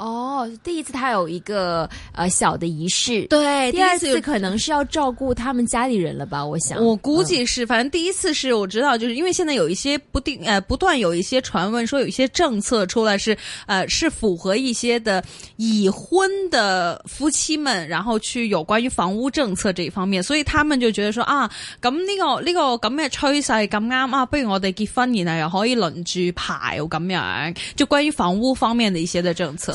哦、oh,，第一次他有一個呃小的儀式，對第，第二次可能是要照顧他們家裏人了吧？我想，我估計是，反正第一次是我知道，就是因為現在有一些不定，呃，不斷有一些傳聞說有一些政策出來是，呃，是符合一些的已婚的夫妻們，然後去有關於房屋政策這一方面，所以他們就覺得說啊，咁、這個這個嗯、呢個呢個咁嘅趨勢咁啱啊，不如我哋結婚然後又可以輪住排咁樣，就關於房屋方面的一些的政策。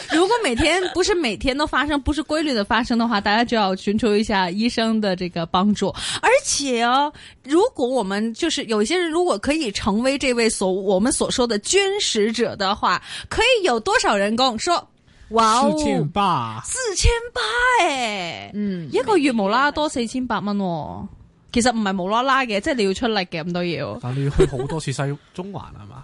如果每天不是每天都發生，不是規律的發生的話，大家就要尋求一下醫生的這個幫助。而且哦，如果我們就是有一些人，如果可以成為這位所我們所說的捐食者的話，可以有多少人工？說哇哦，四千八，四千八誒，嗯，沒一個月無啦啦多四千八蚊。其實唔係無啦啦嘅，即係你要出嚟嘅咁都要，但係要去好多次西中環係嘛。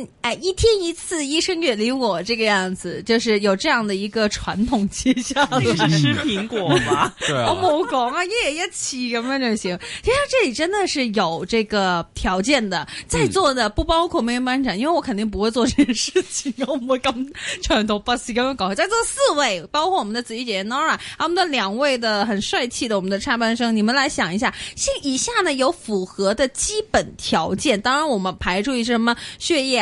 哎，一天一次，醫生遠離我這個樣子，就是有這樣的一個傳統，就是吃蘋果嘛， 嗯、 對啊，我唔講啊，一人一次咁樣就行。其實這裏真的是有這個條件的，在座的不包括我們班長，因為我肯定不會做這件事情。我唔會咁長多不時咁樣搞。在座四位，包括我們的子怡姐姐 Nora，還有我們的兩位的很帥氣的我們的插班生，你們來想一下，現以下呢有符合的基本條件。當然，我們排除一些什麼血液。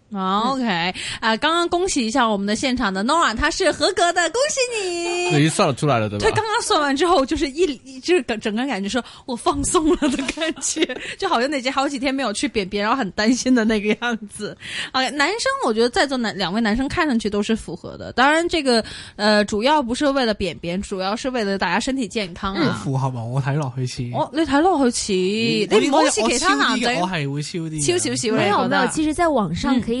OK 啊、呃，剛剛恭喜一下我們的現場的 Nora 她、他是合格的，恭喜你。已經算了出來了，對吧？對，剛剛算完之後就是一，一就是整個感覺說我放鬆了的感覺， 就好像那些好幾天沒有去便便，然後很擔心的那個樣子。哎、okay，男生，我覺得在座男兩位男生看上去都是符合的。當然，這個呃，主要不是為了便便，主要是為了大家身體健康啊。符合嗎？我睇落去似我，你睇落去似你唔好似其他男仔，我係會超啲超少少。你可唔可以？其實在網上可以、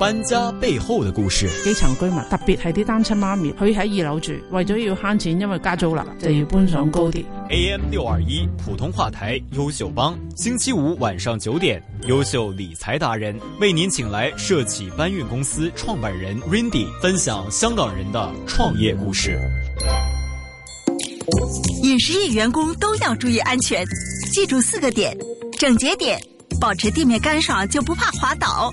搬家背後的故事。基層居民，特別係啲單親媽咪，可以喺二樓住，為咗要慳錢，因為加租啦，就要搬上高啲。AM 六二一普通話台，優秀幫，星期五晚上九點，優秀理財達人為您請來社企搬運公司創辦人 Rindy 分享香港人的創業故事。飲食業員工都要注意安全，記住四個點：整潔點，保持地面乾爽，就不怕滑倒。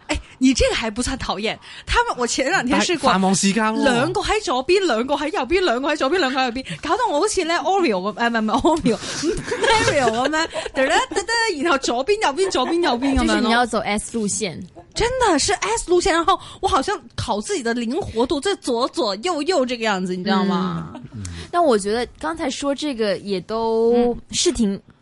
哎，你這個還不算討厭，他們我前兩天試過，繁忙時間咯。兩個喺左邊，兩個喺右邊，兩個喺左邊，兩個喺右邊，搞到我好似咧 Oreo 咁，誒唔係唔係 Oreo，Mario 咁樣，得啦得得，然後左邊右邊左邊右邊咁樣。你要走 S 路線，真的是 S 路線，然後我好像考自己的靈活度，在左左右右這個樣子，你知道嗎？嗯、但我覺得剛才說這個也都、嗯、是挺。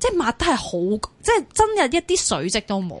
即係抹得係好，即係真係一啲水迹都冇。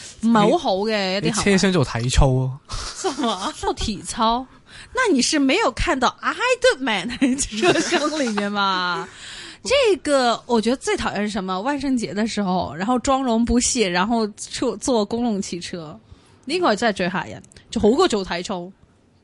冇、欸欸、好嘅，啲車廂做體操，什麼 做體操？那你是沒有看到 I do man 喺車廂裏面嗎？ 這個我覺得最討厭是什麼？萬聖節的時候，然後妝容不卸，然後坐坐公共汽車，呢個真係最嚇人，就好過做體操。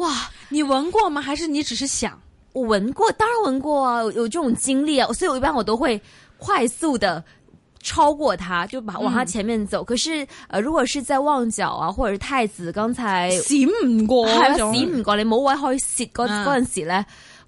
哇，你聞過嗎？還是你只是想？我聞過，當然聞過啊，有這種經歷啊，所以我一般我都會快速的超過他，就把往他前面走。嗯、可是呃，如果是在旺角啊，或者是太子，剛才閃唔過，係啊，閃唔過，你冇位可以閃嗰嗰陣時呢。嗯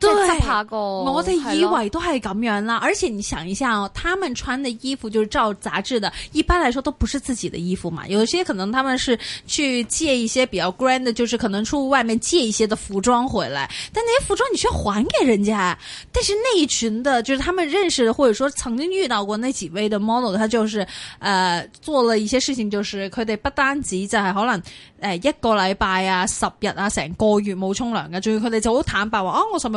對，我哋以為都係咁樣啦、啊。而且你想一下哦，他們穿的衣服就是照雜誌的，一般來說都不是自己的衣服嘛。有些可能他們是去借一些比較 grand 的，就是可能出外面借一些的服裝回來，但那些服裝你需要還給人家。但是那一群的，就是他們認識的，或者說曾經遇到過那幾位的 model，他就是，誒、呃，做了一些事情，就是佢哋不單止就係可能，誒，一個禮拜啊、十日啊、成個月冇沖涼嘅，仲要佢哋就好坦白話，哦、啊，我上日。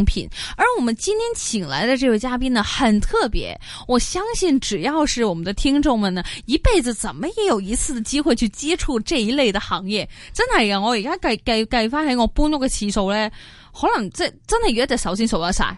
而我們今天請來的這位嘉賓呢，很特別。我相信，只要是我們的聽眾們呢，一輩子怎麼也有一次的機會去接觸這一類的行業。真係啊，我而家計計計翻喺我搬屋嘅次數呢，可能即真係要一隻手先數得晒。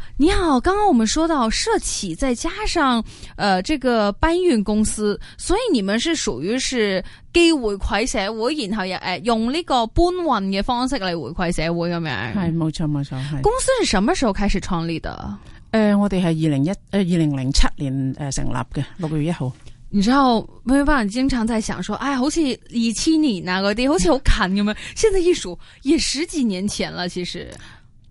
你好，剛剛我們說到社企，再加上，呃這個搬運公司，所以你們是屬於是回饋社會，然後又誒用呢個搬運嘅方式嚟回饋社會咁樣。係冇錯冇錯，係。公司係什麼時候開始創立啊？誒、呃，我哋係二零一誒二零零七年誒成立嘅，六月一號。然之後，每幫人經常在想說，哎，好似二千年啊嗰啲，好似好近咁樣。 現在一數，也十幾年前了，其實。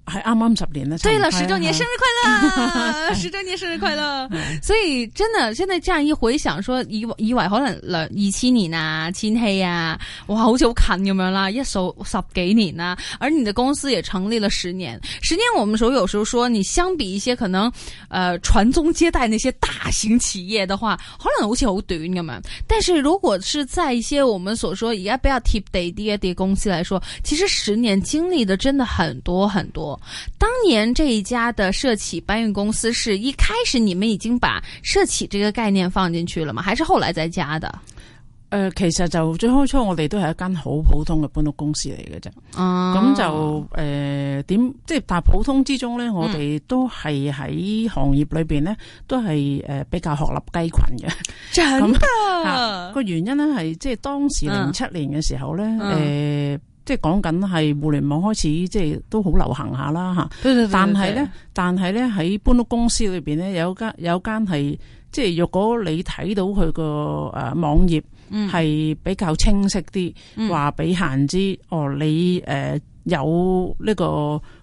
係啱啱十年啦，對啦，十周年生日快樂，十周年生日快樂。 快樂 所以真的，現在這樣一回想說，說，以以為可能二千年啊、千禧呀，哇，好似好近咁樣啦，一數十幾年啦，而你的公司也成立了十年。十年，我們有時候說，你相比一些可能，呃，傳宗接代那些大型企業的話，可能好似好短咁樣。但是如果是在一些我們所說，也不要貼地啲公司來說，其實十年經歷的真的很多很多。當年這一家的社企搬運公司，是一開始你們已經把社企這個概念放進去了嗎？還是後來再加的？誒、呃，其實就最開初我哋都係一間好普通嘅搬屋公司嚟嘅啫。哦、啊，咁就誒點即係但係普通之中呢，我哋都係喺行業裏邊呢、嗯，都係誒比較鶴立雞群嘅。真的 啊，個原因呢，係即係當時零七年嘅時候呢。誒、嗯。呃即係講緊係互聯網開始，即係都好流行下啦吓。但係咧，但係咧喺搬屋公司裏邊咧，有間有間係即係，如果你睇到佢個誒網頁係比較清晰啲，話俾客人知哦，你誒、呃、有呢、這個、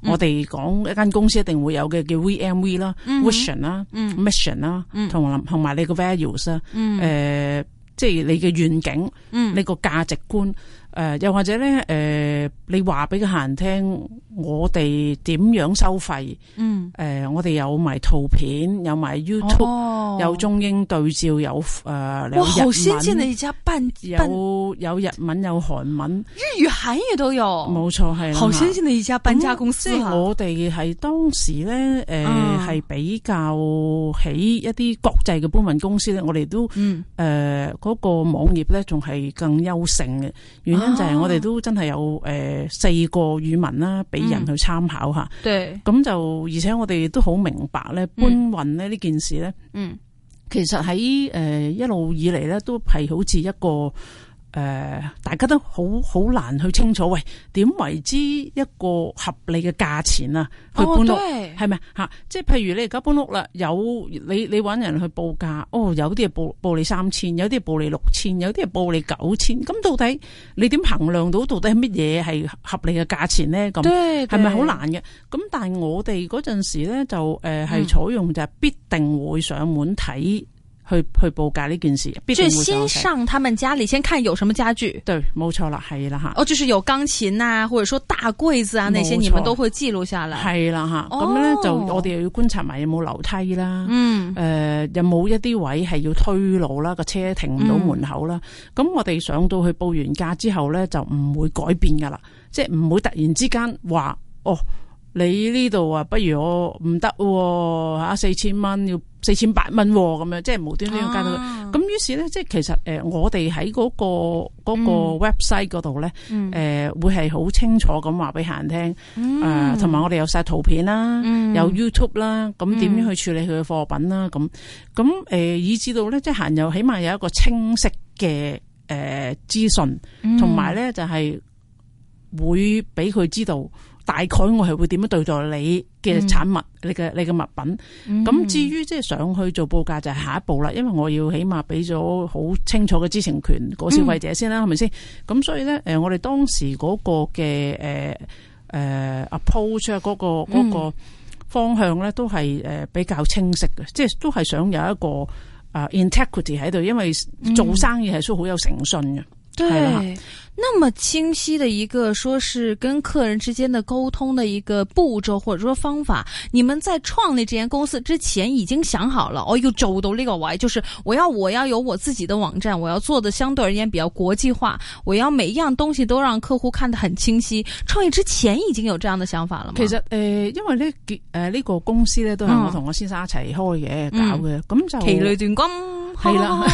嗯、我哋講一間公司一定會有嘅叫 V M V 啦，Vision 啦、嗯、，Mission 啦、嗯，同埋同埋你個 Values 啦、嗯、誒、呃，即係你嘅願景，嗯、你個價值觀。誒、呃、又或者咧，誒、呃、你話俾個客人聽我、嗯呃，我哋點樣收費嗯，誒我哋有埋圖片，有埋 YouTube，哦哦有中英對照，有誒兩、呃、日文。哇！好先進嘅一家搬有有日文有韓文，粵語、韓語都有。冇錯，係好先進嘅一家搬家公司。嗯啊、我哋係當時咧，誒、呃、係、啊、比較起一啲國際嘅搬運公司咧，我哋都誒嗰、嗯呃那個網頁咧仲係更優勝嘅，就係、是、我哋都真係有誒、啊呃、四個語文啦，俾人去參考吓。對。咁、嗯、就而且我哋都好明白咧、嗯，搬運咧呢件事咧，嗯，其實喺誒、呃、一路以嚟咧，都係好似一個。誒、呃，大家都好好難去清楚，喂，點為之一個合理嘅價錢啊？去搬屋係咪？吓、哦，即係、啊、譬如你而家搬屋啦，有你你揾人去報價，哦，有啲係報報你三千，有啲係報你六千，有啲係報你九千，咁到底你點衡量到到底係乜嘢係合理嘅價錢咧？咁係咪好難嘅？咁但係我哋嗰陣時咧就誒係採用就係必定會上門睇。嗯去去報價呢件事，必須先上他們家裏先看有什麼家具，對，冇錯啦，係啦吓。哦，就是有鋼琴啊，或者說大櫃子啊，那些你們都會記錄下來，係啦吓。咁、哦、咧就我哋又要觀察埋有冇樓梯啦，嗯，誒、呃，有冇一啲位係要推路啦，個車停唔到門口啦。咁、嗯、我哋上到去報完價之後咧，就唔會改變噶啦，即係唔會突然之間話哦。你呢度啊，不如我唔得喎嚇，四千蚊要四千八蚊咁樣，即係無端端加到。咁、啊、於是咧，即係其實誒、那個，我哋喺嗰個嗰個 website 嗰度咧，誒、嗯呃、會係好清楚咁話俾客人聽，同埋我哋有晒圖片啦，嗯、有 YouTube 啦，咁點樣去處理佢嘅貨品啦，咁咁誒，以至到咧，即係客人又起碼有一個清晰嘅誒、呃、資訊，同埋咧就係、是、會俾佢知道。大概我係會點樣對待你嘅產物，嗯、你嘅你嘅物品。咁、嗯、至於即係想去做報價就係、是、下一步啦，因為我要起碼俾咗好清楚嘅知情權、個消費者先啦，係咪先？咁、嗯、所以咧，誒，我哋當時嗰個嘅誒誒 approach 嗰、啊個嗰、個方向咧，都係誒比較清晰嘅，即、嗯、係都係想有一個誒、呃、integrity 喺度，因為做生意係需要好有誠信嘅。對，對，那麼清晰的一個說是跟客人之間的溝通的一個步驟或者說方法，你們在創立這間公司之前已經想好了。哎要走到這個位，就是我要我要有我自己的網站，我要做的相對而言比較國際化，我要每一樣東西都讓客戶看得很清晰。創業之前已經有這樣的想法了嗎？其實，呃因為呢，呃呢、呢個公司呢都係我同我先生一齊開嘅、嗯，搞嘅，咁就其利斷金。係 啦，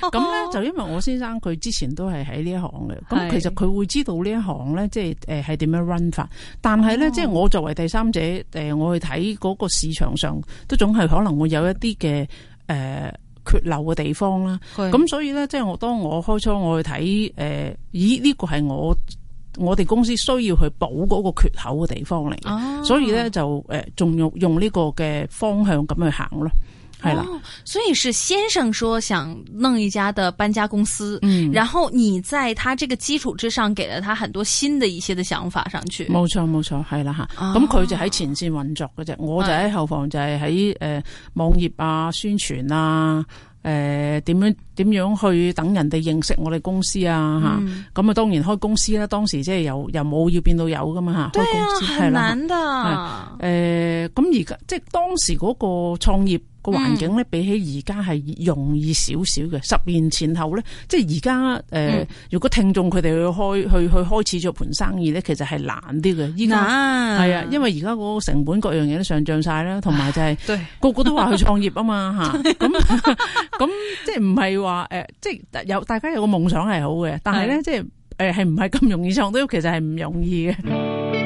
咁、oh、咧 就因為我先生佢、oh、之前都係喺呢一行嘅，咁、oh、其實佢會知道呢一行咧，即係誒係點樣 run 法。但係咧，即係我作為第三者，誒我去睇嗰個市場上，都總係可能會有一啲嘅誒缺漏嘅地方啦。咁、oh、所以咧，即係我當我開窗我去睇，誒、呃，咦呢個係我我哋公司需要去補嗰個缺口嘅地方嚟，oh、所以咧就誒仲、呃、用用呢個嘅方向咁去行咯。係、哦、啦，所以是先生說想弄一家的搬家公司，嗯，然後你在他這個基礎之上，給了他很多新的一些的想法上去。冇錯冇錯，係啦吓，咁佢、啊、就喺前線運作嘅啫、啊，我就喺後房就係喺誒網頁啊宣傳啊，誒、呃、點樣點樣去等人哋認識我哋公司啊吓，咁、嗯、啊當然開公司咧，當時即係又又冇要變到有噶嘛吓、啊，開公司係難㗎，誒咁而家即係當時嗰個創業。個環境咧比起而家係容易少少嘅，十年前後咧，即係而家，誒、呃嗯，如果聽眾佢哋去開，去去開始咗盤生意咧，其實係難啲嘅。依家係啊，因為而家個成本各樣嘢都上漲晒啦，同埋就係、是、個個都話去創業啊嘛，吓咁咁即係唔係話誒，即係有大家有個夢想係好嘅，但係咧即係誒係唔係咁容易創到，其實係唔容易嘅。嗯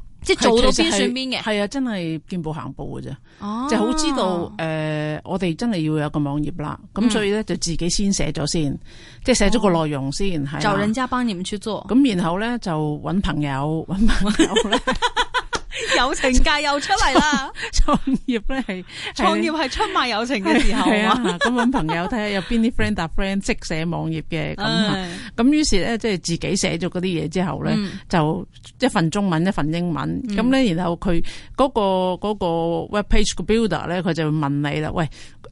即係做到邊算邊嘅，係啊，真係見步行步嘅啫，就、哦、好知道誒、呃，我哋真係要有一個網頁啦，咁、嗯、所以咧就自己先寫咗先，即係寫咗個內容先，係、哦。啊、找人家幫你們去做，咁然後咧就搵朋友搵朋友咧。 友 情界又出嚟啦！創業咧係創業，係出賣友情嘅時候啊，咁搵、嗯、 朋友睇下有邊啲 friend 搭 friend 識寫網頁嘅咁，咁於是咧即係自己寫咗嗰啲嘢之後咧、嗯，就一份中文一份英文，咁、嗯、咧然後佢嗰、那個嗰、那個 web page builder 咧，佢就會問你啦，喂。誒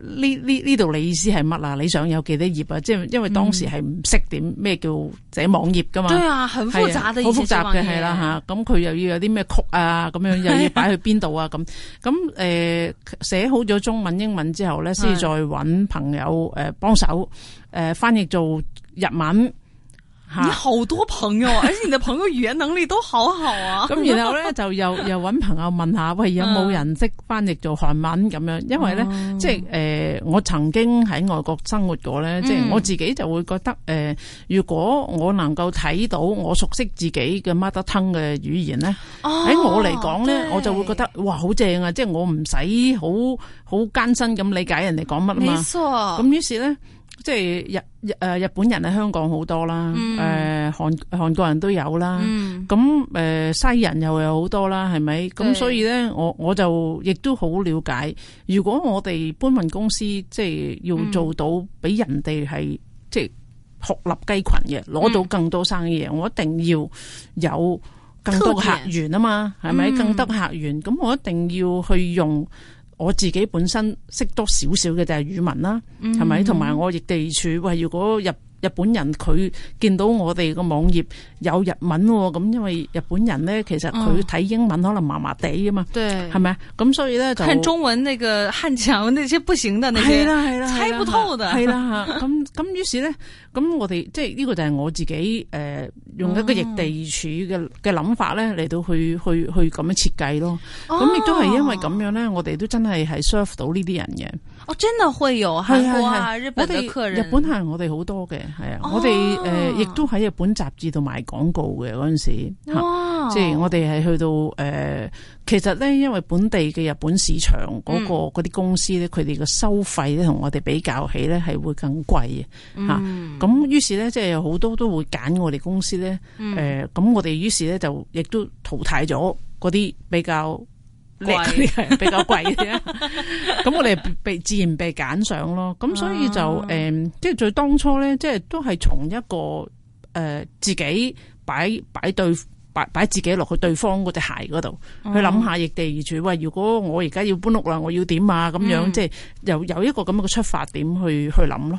呢呢呢度你意思係乜啊？你想有幾多頁啊？即係因為當時係唔識點咩叫寫網頁噶嘛？對啊，很複雜的。好複雜嘅係啦嚇，咁佢又要有啲咩曲啊？咁樣又要擺去邊度啊？咁咁誒寫好咗中文 英文之後咧，先再揾朋友誒幫手誒翻譯做日文。你好多朋友，而 且你的朋友語言能力都好好啊！咁 然後咧就又又搵朋友問下， 喂有冇人識翻譯做韓文咁樣？因為咧、哦、即係誒、呃，我曾經喺外國生活過咧、嗯，即係我自己就會覺得誒、呃，如果我能夠睇到我熟悉自己嘅 mother tongue 嘅語言咧，喺、哦、我嚟講咧，我就會覺得哇好正啊！即係我唔使好好艱辛咁理解人哋講乜嘛。咁於是咧。即係日日誒，日本人喺香港好多啦，誒、嗯，韓韓國人都有啦，咁、嗯、誒，西人又有好多啦，係咪？咁所以咧，我我就亦都好了解，如果我哋搬運公司即係要做到俾人哋係即係鶴立雞群嘅，攞、嗯、到更多生意，我一定要有更多客源啊嘛，係咪？更多客源，咁、嗯、我一定要去用。我自己本身識多少少嘅就係語文啦，係、嗯、咪？同埋我亦地處喂，如果入。日本人佢見到我哋個網頁有日文喎，咁因為日本人咧，其實佢睇英文可能麻麻地啊嘛，係咪啊？咁所以咧就看中文那個看牆那些不行的那些猜不透的，係啦，咁咁 於是咧，咁我哋即係呢個就係我自己誒、呃、用一個易地處嘅嘅諗法咧嚟到去、嗯、去去咁樣設計咯。咁、哦、亦都係因為咁樣咧，我哋都真係係 serve 到呢啲人嘅。哦，真的會有韓國啊的的、日本嘅客人，日本係我哋好多嘅，係、哦、啊，我哋誒亦都喺日本雜誌度賣廣告嘅嗰陣時，即、哦、係我哋係去到誒、呃，其實咧因為本地嘅日本市場嗰、那個嗰啲、嗯、公司咧，佢哋嘅收費咧同我哋比較起咧係會更貴嘅吓，咁、嗯、於是咧即係好多都會揀我哋公司咧，誒、嗯，咁、呃、我哋於是咧就亦都淘汰咗嗰啲比較。貴係 比較貴貴嘅，咁 我哋被自然被揀上咯。咁所以就誒，即、啊、係、嗯就是、最當初咧，即、就、係、是、都係從一個誒、呃、自己擺擺對擺擺自己落去對方嗰隻鞋嗰度、嗯、去諗下易地而處。喂，如果我而家要搬屋啦，我要點啊？咁樣即係有有一個咁嘅出發點去去諗咯。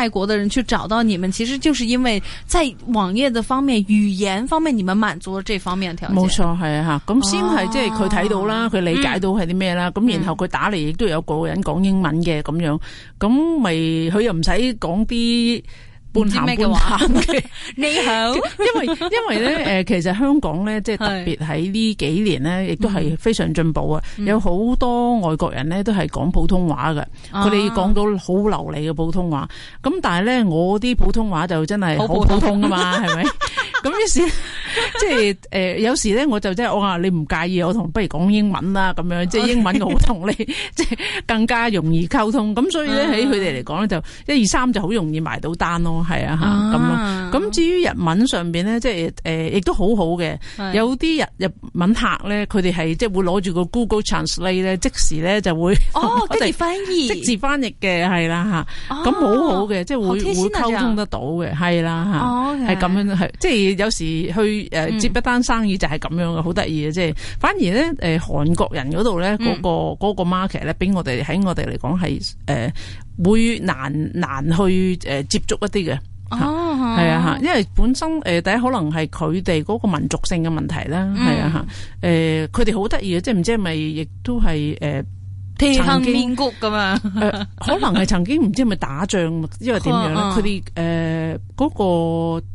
外國嘅人去找到你們，其實就是因為在網頁的方面，語言方面，你們滿足了這方面的條件。冇錯，係啊，咁先係即係佢睇到啦，佢、哦、理解到係啲咩啦，咁、嗯、然後佢打嚟亦都有個人講英文嘅咁樣，咁咪佢又唔使講啲。半咸半淡嘅，你好。 因為因為咧，誒，其實香港咧，即係特別喺呢幾年咧，亦都係非常進步啊、嗯。有好多外國人咧，都係講普通話嘅，佢哋講到好流利嘅普通話。咁、啊、但係咧，我啲普通話就真係好普通啊嘛，係咪？咁於 是，即係誒、呃，有時咧，我就即係我話你唔介意，我同不如講英文啦，咁樣、Okay. 即係英文我同你即係更、嗯、更加容易溝通。咁所以咧，喺佢哋嚟講咧，就一二三就好容易埋到單咯。係啊，吓咁咯。咁、啊、至於日文上邊咧，即係誒，亦、呃、都好好嘅。有啲日日文客咧，佢哋係即係會攞住個 Google Translate 咧，即時咧就會哦，即、啊啊、哦，即翻譯，即字翻譯嘅，係啦吓。咁好好嘅，即係會會溝通得到嘅，係啦吓。係、哦、咁、okay、樣係，即係有時去誒接一單生意就係咁樣嘅，好得意嘅，即係。反而咧，誒、呃，韓國人嗰度咧，嗰、個嗰、個 market 咧、嗯，俾我哋喺我哋嚟講係誒。呃會難難去誒、呃、接觸一啲嘅，係啊，啊，啊，因為本身誒、呃、第一可能係佢哋嗰個民族性嘅問題啦，係、嗯、啊，誒佢哋好得意啊，即係唔知係咪亦都係誒貼坑面谷噶嘛？誒，可能係曾經唔 知係咪打仗，因為點樣咧？佢哋誒嗰個。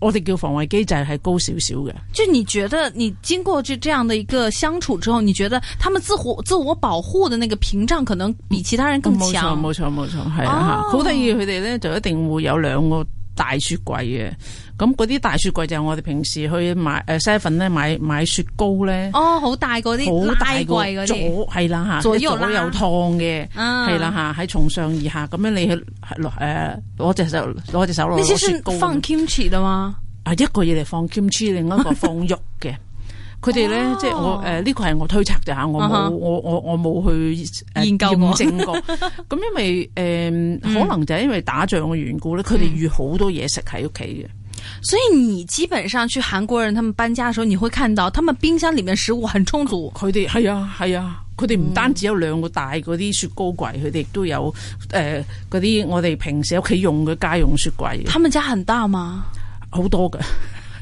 我哋叫防衛機制係高少少嘅，即係你覺得你經過就這樣的一個相處之後，你覺得他們自我自我保護的那個屏障可能比其他人更強？冇錯冇錯冇錯，係啊。吓，好得意佢哋咧就一定會有兩個。大雪櫃嘅，咁嗰啲大雪櫃就係我哋平時去買誒 seven 咧買買雪糕咧，哦好大嗰啲，好大櫃嗰啲，係啦吓，做嗰啲又燙嘅，係啦吓，喺從、啊、上而下咁樣你去攞誒攞隻手攞隻手攞、啊啊。你是雪糕，放 kimchi 啊嘛，啊一個嘢嚟放 kimchi，另一個放肉嘅。 佢哋咧，wow。即係我誒，呢、呃這個係我推測嘅。吓，我冇、uh-huh。我我我冇去、呃、研究驗證過。咁 因為誒、呃，可能就係因為打仗嘅緣故咧，佢哋預好多嘢食喺屋企嘅。所以你基本上去韓國人，他們搬家的時候，你會看到他們冰箱裏面食物很充足。佢哋係啊係啊，佢哋唔單止有兩個大嗰啲雪糕櫃，佢哋亦都有誒嗰啲我哋平時屋企用嘅家用雪櫃。他們家很大嗎？好多嘅。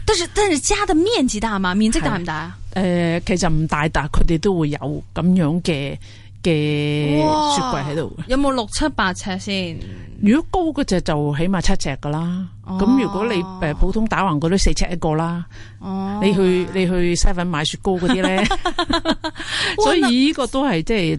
但係，但係家嘅面積大嘛？面積大唔大啊？誒、呃，其實唔大，大，但佢哋都會有咁樣嘅嘅雪櫃喺度。有冇六七八尺先？如果高嗰隻就就起碼七尺噶啦。咁、哦、如果你誒、呃、普通打橫嗰啲四尺一個啦。哦。你去你去西粉買雪糕嗰啲咧， 所以呢個都係即係誒。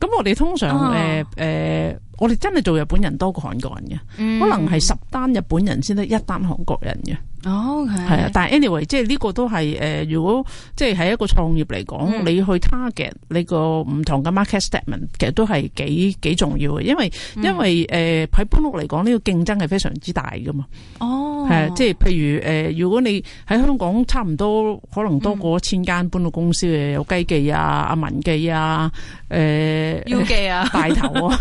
咁、呃、我哋通常誒誒、哦呃呃，我哋真係做日本人多過韓國人嘅、嗯，可能係十單日本人先得一單韓國人嘅。哦，係啊，但係 anyway，即係呢個都係誒、呃，如果即係喺一個創業嚟講、嗯，你去 target 你個唔同嘅 market statement，其實都係幾幾重要嘅，因為、嗯、因為誒喺搬屋嚟講，呢、呃這個競爭係非常之大噶嘛。哦，係啊，即係譬如誒、呃，如果你喺香港差唔多可能多過一千間搬屋公司嘅、嗯，有雞記啊，阿文記啊，誒、呃，U 記啊，大頭啊，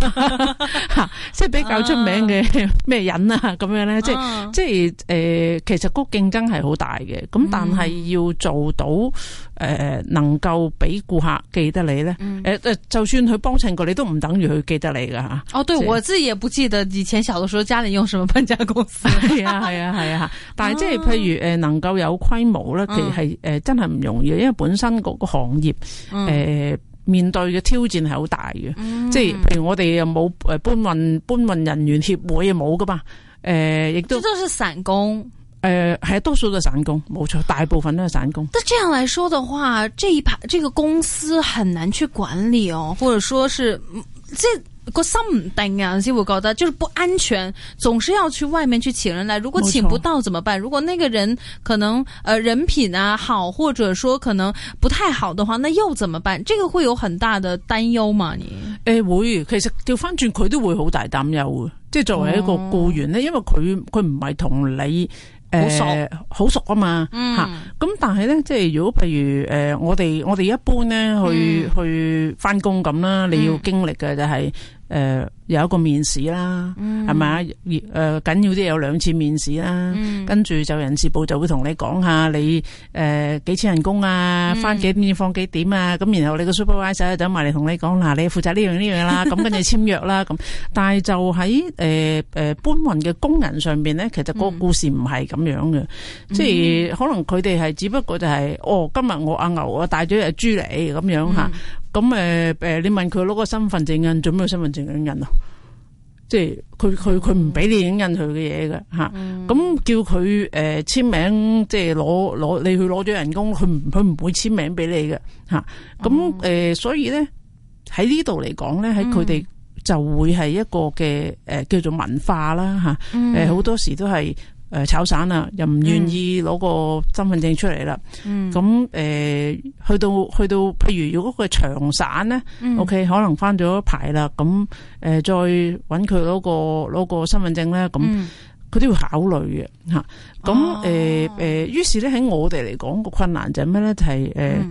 即係比較出名嘅咩、uh. 人啊咁樣咧、uh.，即係即係誒，其實。個競爭係好大嘅，咁但係要做到誒、嗯呃，能夠俾顧客記得你咧，誒、嗯、誒、呃，就算佢幫襯過你都唔等於佢記得你噶吓。哦、對、就是、我自己也不記得以前小的時候，家裏用什麼搬家公司。係啊，係啊，係啊。但係即係譬如誒、呃，能夠有規模咧，其實係誒、嗯呃、真係唔容易，因為本身嗰個行業誒、嗯呃、面對嘅挑戰係好大嘅、嗯。即係譬如我哋又冇誒搬運搬運人員協會冇噶嘛，誒、呃、亦都。這都是散工。誒、呃，係多數都係散工，冇錯，大部分都係散工。但這樣來說的話，這一排，這個公司很難去管理哦，或者說是，即係個心唔定啊，即係會覺得，就是不安全，總是要去外面去請人來。如果請不到怎麼辦？如果那個人可能，誒、呃，人品啊好，或者說可能不太好的話，那又怎麼辦？這個會有很大的擔憂嗎？你誒，無、呃、語，其實調翻轉佢都會好大擔憂嘅，即係作為一個雇員呢、哦、因為佢佢唔係同你。好熟，好、呃、熟嘛、嗯、啊嘛吓、咁但係咧，即係如果譬如誒、呃，我哋我哋一般咧去、嗯、去翻工咁啦，你要經歷嘅就係、是、誒、嗯呃有一個面試啦，係咪啊？誒，緊要啲有兩次面試啦，跟住就人事部就會同你講下你誒幾錢人工啊，翻幾點放幾點啊，咁然後你個 supervisor 走埋嚟同你講，嗱，你負責呢樣呢樣啦，咁跟住簽約啦，咁 但係就喺誒誒搬運嘅工人上邊咧，其實個故事唔係咁樣嘅，即係可能佢哋係只不過就係、是、哦，今日我阿牛我帶豬啊帶咗隻豬嚟咁樣吓，咁誒誒，你問佢攞個身份證印做咩？身份證印啊？即係佢佢佢唔俾你影印佢嘅嘢嘅吓，咁、嗯、叫佢誒簽名，即係攞攞你去攞咗人工，佢唔佢唔會簽名俾你嘅吓，咁、嗯、誒、呃、所以咧喺呢度嚟講咧喺佢哋就會係一個嘅誒、嗯呃、叫做文化啦吓，誒、呃、好多時都係。誒炒散啦，又唔願意攞個身份證出嚟啦。咁、嗯、誒、呃、去到去到，譬如如果佢係長散咧、嗯，OK，可能翻咗一排啦。咁、呃、再揾佢攞個攞個身份證咧，咁佢都要考慮嘅嚇。咁、嗯、誒、呃、於是咧喺我哋嚟講個困難就係咩咧？係、就、誒、是，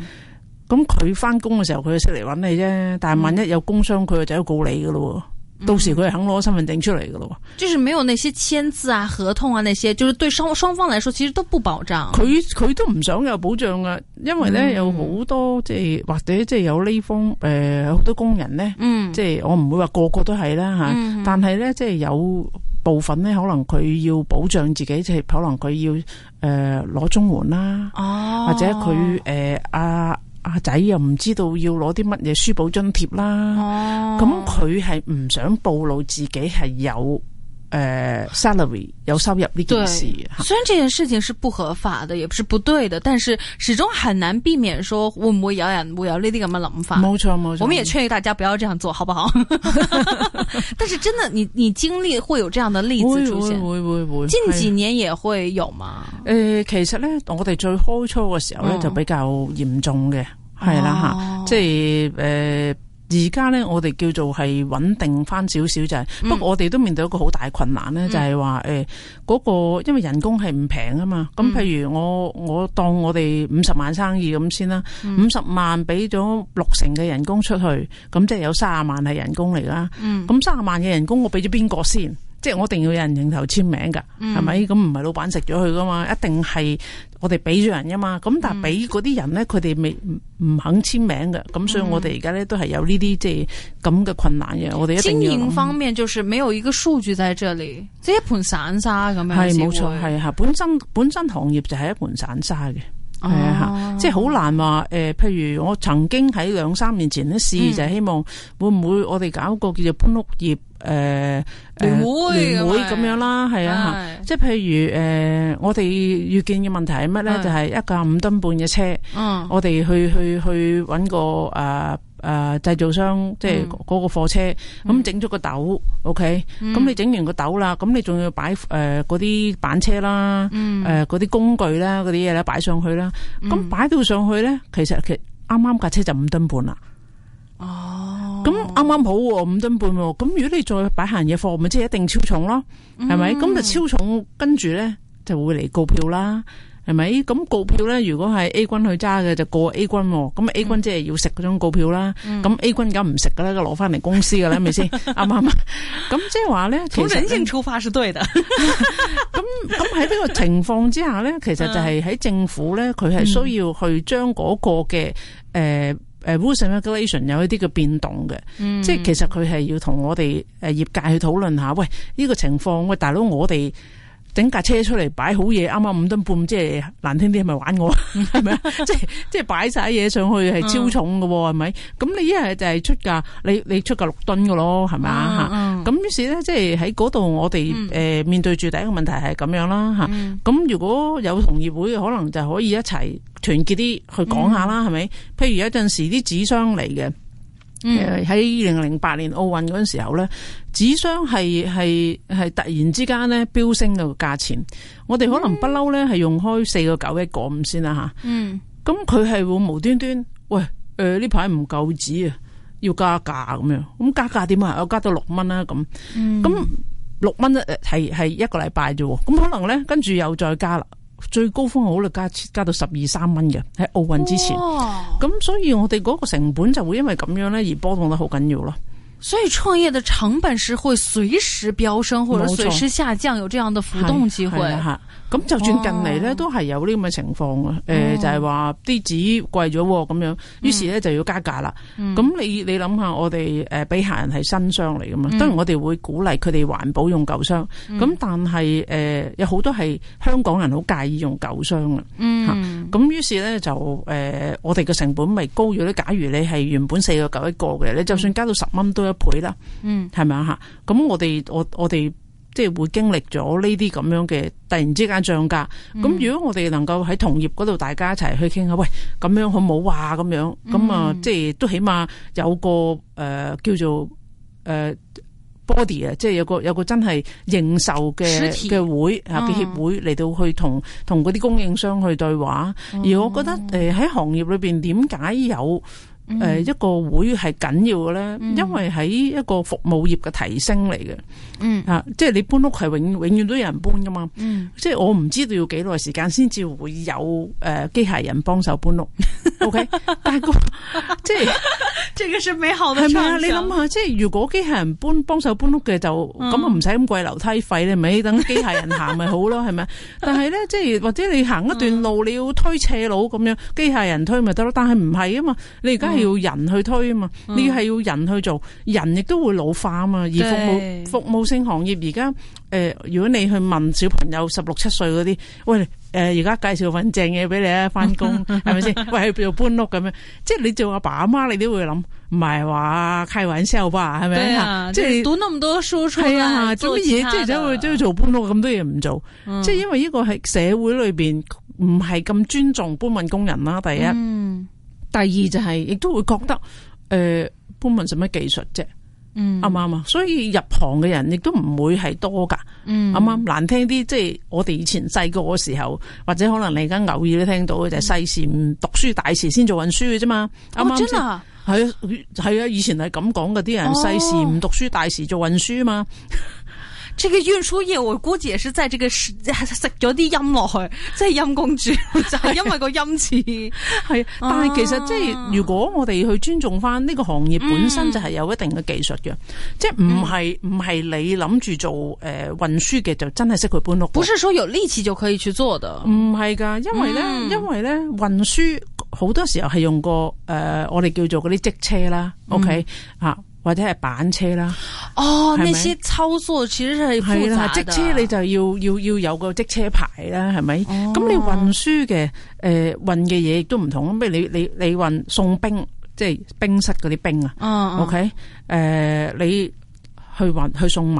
咁佢翻工嘅時候佢就識嚟揾你啫，但係萬一有工傷，佢就就要告你噶咯。到時佢係肯攞身份證出嚟噶咯，就是冇有那些簽字啊、合同啊那些，就是對雙雙方來說其實都不保障。佢佢都唔想有保障噶，因為咧、嗯、有好多即係或者即係有呢方誒好多工人咧、嗯，即係我唔會話個個都係啦吓、嗯，但係咧即係有部分咧可能佢要保障自己，即係可能佢要誒攞、呃、綜援啦，哦、或者佢誒、呃、啊。阿仔又唔知道要攞啲乜嘢書簿津貼啦，咁佢係唔想暴露自己係有。誒、呃、salary 有收入呢件事，雖然呢件事情是不合法嘅，也不是不對的，但是始終很難避免說會會，唔會有人會有呢啲咁嘅諗法。冇錯冇錯，我們也建議大家不要這樣做好不好？ 但是真的，你你經歷會有這樣的例子出現，會會會，會，近幾年也會有嘛？誒、呃，其實呢，我哋最開初嘅時候呢、嗯，就比較嚴重嘅，係啦吓，即係誒。呃而家咧，我哋叫做係穩定翻少少，就、嗯、係。不過我哋都面對一個好大困難咧、嗯，就係話誒嗰個，因為人工係唔平啊嘛。咁、嗯、譬如我我當我哋五十萬生意咁先啦，五、嗯、十萬俾咗六成嘅人工出去，咁即係有三十萬係人工嚟啦。咁三十萬嘅人工我俾咗邊個先？即係我一定要有人認頭簽名㗎，係、嗯、咪？咁唔係老闆食咗佢㗎嘛，一定係。我哋俾咗人啊嘛，咁但係俾嗰啲人咧，佢哋未唔肯簽名嘅，咁、嗯、所以我哋而家咧都係有呢啲即係咁嘅困難嘅。我哋一定經營方面就是沒有一個數據在這裡即、就是、一盤散沙咁樣。係冇錯，係嚇，本身本身行業就係一盤散沙嘅。係啊，啊，即係好難話誒、呃，譬如我曾經喺兩三年前咧事、嗯、就係、希望會唔會我哋搞個叫做搬屋業誒、呃呃、聯會聯會咁樣啦，係啊，即係譬如誒、呃，我哋預見嘅問題係乜咧？就係、係、一架五噸半嘅車，嗯我哋去去去揾個誒。啊誒、呃，製造商即係嗰個貨車，咁整咗個斗、嗯、，OK，咁、嗯、你整完個斗啦，咁你仲要擺誒嗰啲板車啦，誒嗰啲工具啦，嗰啲嘢咧擺上去啦，咁擺到上去咧，其實其實啱啱架車就五噸半啦，哦，咁啱啱好、啊、五噸半、啊，咁如果你再擺行嘢貨，咪即係一定超重咯，係咪？咁、嗯、就超重，跟住咧就會嚟告票啦。係咪？咁告票咧，如果係 A 軍去揸嘅就過 A 軍、哦。咁 A 軍即係要食嗰張告票啦。咁、嗯、A 軍梗唔食噶啦，攞翻嚟公司噶啦，係咪先？啱唔啱？咁即係話咧，從人性出發是對的。咁咁喺呢個情況之下咧，其實就係喺政府咧，佢係需要去將嗰個嘅誒誒，rules and regulation 有一啲嘅變動嘅、嗯。即係其實佢係要同我哋誒業界去討論下。喂，呢、這個情況，喂大佬，我哋。整架車出嚟，擺好嘢，啱啱五噸半，即係難聽啲，係、就、咪、是、玩我？係咪啊？即係即係擺晒嘢，上去係超重嘅，係咪？咁、嗯、你一係就係出價，你你出價六噸㗎咯，係咪啊？吓、嗯，咁、嗯、於是咧，即係喺嗰度，我哋誒、呃、面對住第一個問題係咁樣啦，吓。咁、嗯、如果有同業會，可能就可以一齊團結啲去講下啦，係咪、嗯？譬如有陣時啲紙箱嚟嘅。誒、嗯，喺二零零八年奧運嗰陣時候咧，紙箱係係係突然之間咧飆升個價錢，我哋可能不嬲咧係用開四個九一個咁先啦吓，嗯，咁佢係會無端端喂誒，呢排唔夠紙啊，要加價咁樣，咁加價點啊？我加到六蚊啦，咁，咁六蚊咧係係一個禮拜啫，咁可能咧跟住又再加啦。最高峰好啦，加加到十二三蚊嘅，喺奧運之前，咁所以我哋嗰個成本就會因為咁樣咧而波動得好緊要咯。所以創業的成本是會隨時飆升或者隨時下降，有這樣的浮動機會。咁就算近嚟咧，都係有呢咁嘅情況嘅、嗯。誒就係話啲紙貴咗咁樣，於是咧就要加價啦。咁、嗯、你你諗下，我哋誒俾客人係新箱嚟噶嘛？當然我哋會鼓勵佢哋環保用舊箱。咁、嗯、但係誒、呃、有好多係香港人好介意用舊箱、嗯、啊。嚇！咁於是咧就誒、呃、我哋嘅成本咪高咗咧。假如你係原本四個九一個嘅，你就算加到十蚊都一倍啦。嗯，係咪啊？嚇！咁我哋我我哋。即係會經歷咗呢啲咁樣嘅，突然之間漲價。咁、嗯、如果我哋能夠喺同業嗰度，大家一齊去傾下，喂，咁樣好唔好、嗯、啊？咁樣咁啊，即係都起碼有個誒、呃、叫做誒、呃、body 啊，即係有個有個真係認受嘅嘅會啊嘅協會嚟、嗯、到去同同嗰啲供應商去對話。嗯、而我覺得誒喺、呃、行業裏邊，點解有？誒、嗯，一個會係緊要嘅咧、嗯，因為喺一個服務業嘅提升嚟嘅，嗯啊，即係你搬屋係永永遠都有人搬噶嘛，嗯，即係我唔知道要幾耐時間先至會有誒機、呃、械人幫手搬屋、嗯、，OK， 但係是 即係即係個是美好的暢想，你諗下，即係如果機械人搬幫手搬屋嘅就咁啊，唔使咁貴樓梯費，你咪等機械人行咪好咯，係 咪？但係咧，即係或者你行一段路你要推斜路咁樣，機械人推咪得咯，但係唔係啊嘛，你而家係。要人去推啊嘛，你、嗯、係要，要人去做，人亦都會老化啊嘛。而服務服務性行業而家，誒、呃，如果你去問小朋友十六七歲嗰啲，喂，誒、呃，而家介紹份正嘢俾你啊，翻工係咪先？喂，做搬屋咁 樣，即係你做阿爸阿媽，媽，你都會諗，唔係話開玩笑吧？係咪、啊、即係讀咁多書出啊？做乜嘢？即係就會都要做搬屋咁多嘢唔做？嗯、即係因為呢個喺社會裏邊唔係咁尊重搬運工人啦。第一。第二就係、是嗯、亦都會覺得誒搬運乜技術啫，嗯，啱唔啱啊？所以入行嘅人亦都唔會係多噶嗯，啱唔啱？難聽啲即係我哋以前細個嘅時候，或者可能你而家偶爾都聽到嘅就係細時唔讀書，大時先做運輸嘅啫嘛，啱唔啱先？係啊係啊，以前係咁講嘅啲人，細時唔讀書，大時做運輸啊嘛。這個運輸業，我估計也是在這個、啊、食食咗啲陰落去，即係陰公主 就係因為個陰字係。但係其實即係如果我哋去尊重翻，呢個行業本身就係有一定嘅技術嘅、嗯，即係唔係唔係你諗住做誒運輸嘅就真係識佢搬屋，不是說有力氣就可以去做的。唔係噶，因為咧、嗯，因為咧運輸好多時候係用個誒、呃、我哋叫做嗰啲職車啦、嗯。OK 啊。或者係板車啦、哦，哦，那些抽車其實係複雜，即車你就要要要有個即車牌啦，係、嗯、咪、嗯？咁你運輸嘅誒運嘅嘢亦都唔同，咁你你你運送冰即係冰室嗰啲冰啊，OK？誒、呃，你去運去送米，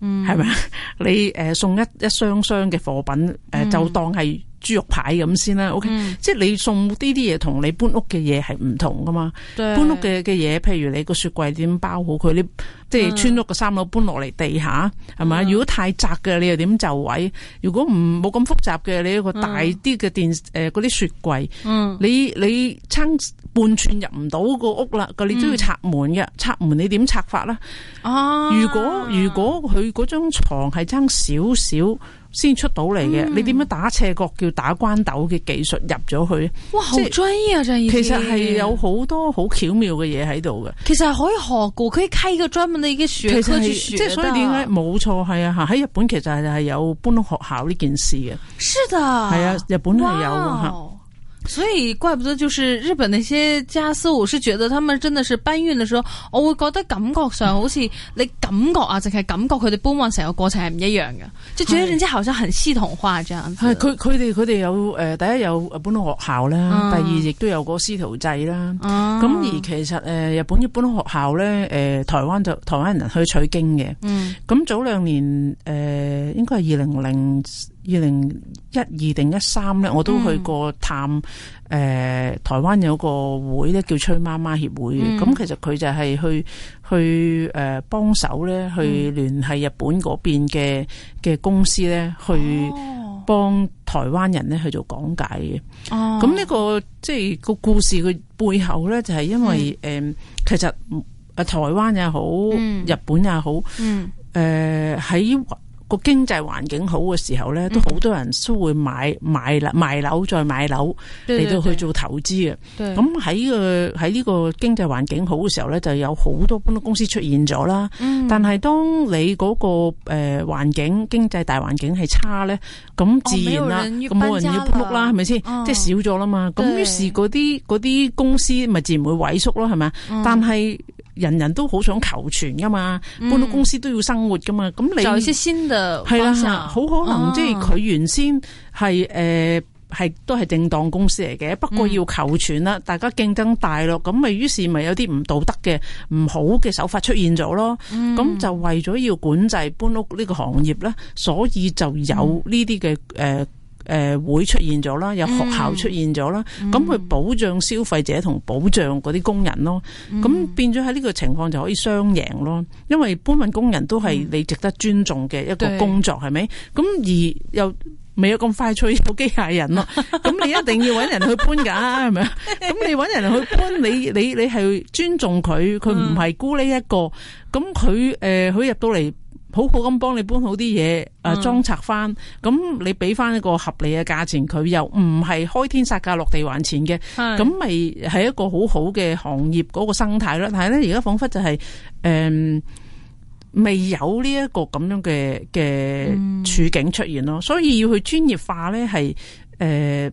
係咪、嗯？你誒、呃、送一一箱箱嘅貨品，誒、呃、就當係、嗯。豬肉牌咁先啦，OK、嗯、即係你送呢啲嘢同你搬屋嘅嘢係唔同噶嘛對？搬屋嘅嘅嘢，譬如你個雪櫃點包好佢？啲？即係村屋嘅三樓搬落嚟地下係咪、嗯？如果太窄嘅，你又點就位？如果唔冇咁複雜嘅，你一個大啲嘅電嗰啲、嗯呃、雪櫃，嗯、你你撐半寸入唔到個屋啦，你都要拆門嘅、嗯，拆門你點拆法啦？啊如果如果佢嗰張床係撐少少。先出到嚟嘅，你點樣打斜角叫打關斗嘅技術入咗去？哇，好專業啊！真係，其實係有好多好巧妙嘅嘢喺度嘅。其實係可以學噶，佢溪個專門你嘅樹，其實即係所以點解冇錯係啊！喺日本其實係係有搬學校呢件事嘅。是的，係啊，日本係有所以怪不得，就是日本那些家私，我是覺得他們真的是搬運的時候，我會覺得感覺上好似你感覺啊，淨、嗯、係感覺佢哋搬運成個過程係唔一樣嘅，即係做一啲之後，好像很系統化。這樣係佢佢哋佢哋有誒，第一有誒搬學校啦、嗯，第二亦都有個師徒制啦。咁、嗯、而其實誒，日本要搬學校咧，誒，台灣就台灣人去取經嘅。咁、嗯、早兩年誒，應該係二零零。二零一二定一三咧，我都去過探，誒、呃，台灣有個會咧叫崔媽媽協會，咁、嗯、其實佢就係去去誒幫手咧，去聯繫日本嗰邊嘅嘅公司咧、嗯，去幫台灣人咧去做講解嘅。哦，咁、哦、呢、這個即係個故事嘅背後咧，就係因為誒、嗯呃，其實誒台灣也好、嗯，日本也好，嗯，誒、呃、喺。經濟環境好嘅時候咧，都好多人都會買買賣樓再買樓嚟到去做投資嘅。咁喺、這個喺呢個經濟環境好嘅時候咧，就有好多搬屋公司出現咗啦、嗯。但係當你嗰、那個誒、呃、環境經濟大環境係差咧，咁自然啦，咁、哦、冇人要搬屋啦，係咪先？即係、嗯就是、少咗啦嘛。咁於是嗰啲嗰啲公司咪自然會萎縮咯，係咪、嗯？但係。人人都好想求全噶嘛，嗯、搬屋公司都要生活噶嘛，咁你就先先就係啦，好、啊、可能即係佢原先係誒係都係正當公司嚟嘅，不過要求全啦、嗯，大家競爭大咯，咁咪於是咪有啲唔道德嘅唔好嘅手法出現咗咯，咁、嗯、就為咗要管制搬屋呢個行業啦，所以就有呢啲嘅誒。嗯呃誒、呃，會出現咗啦，有學校出現咗啦，咁、嗯、佢保障消費者同保障嗰啲工人咯，咁、嗯、變咗喺呢個情況就可以雙贏咯，因為搬運工人都係你值得尊重嘅一個工作，係、嗯、咪？咁而又未有咁快脆有機械人咯，咁 你一定要揾人去搬噶，係 咪？咁你揾人去搬，你你你係尊重佢，佢唔係孤呢一個，咁佢誒，佢入到嚟。呃好好咁幫你搬好啲嘢，誒裝拆翻，咁、嗯、你俾翻一個合理嘅價錢，佢又唔係開天殺價落地還錢嘅，咁咪係一個好好嘅行業嗰個生態咯。但係咧、就是，而家仿佛就係誒未有呢一個咁樣嘅嘅處境出現咯，所以要去專業化咧，係、呃、誒。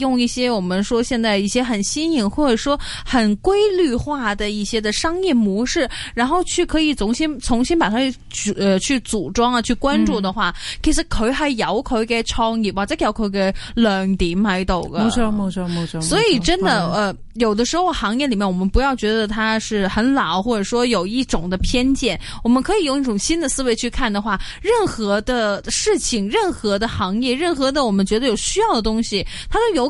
用一些我們說現在一些很新穎，或者說很規律化的一些的商業模式，然後去可以重新重新把它去呃去組裝啊，去關注的話，嗯、其實佢係有佢嘅創意或者有佢嘅亮點喺度噶。冇錯冇錯冇錯。所以真的、嗯、呃，有的時候行業裏面，我們不要覺得它是很老，或者說有一種的偏見，我們可以用一種新的思維去看的話，任何的事情，任何的行業，任何的我們覺得有需要的東西，它都有。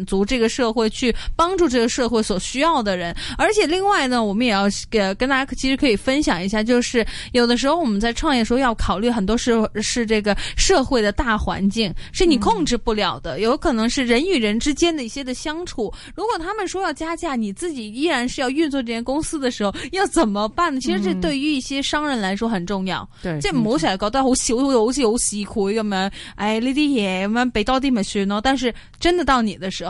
滿足這個社會，去幫助這個社會所需要的人，而且另外呢，我們也要給跟大家其實可以分享一下，就是有的時候我們在創業的時候要考慮很多是是這個社會的大環境，是你控制不了的，嗯、有可能是人與人之間的一些的相處。如果他們說要加價，你自己依然是要運作這間公司的時候，要怎麼辦呢？其實這對於一些商人來說很重要。對、嗯，這即我係覺得好少好似好苦一個門。哎呢啲嘢咁樣俾多啲咪算咯。但是真的到你的時候。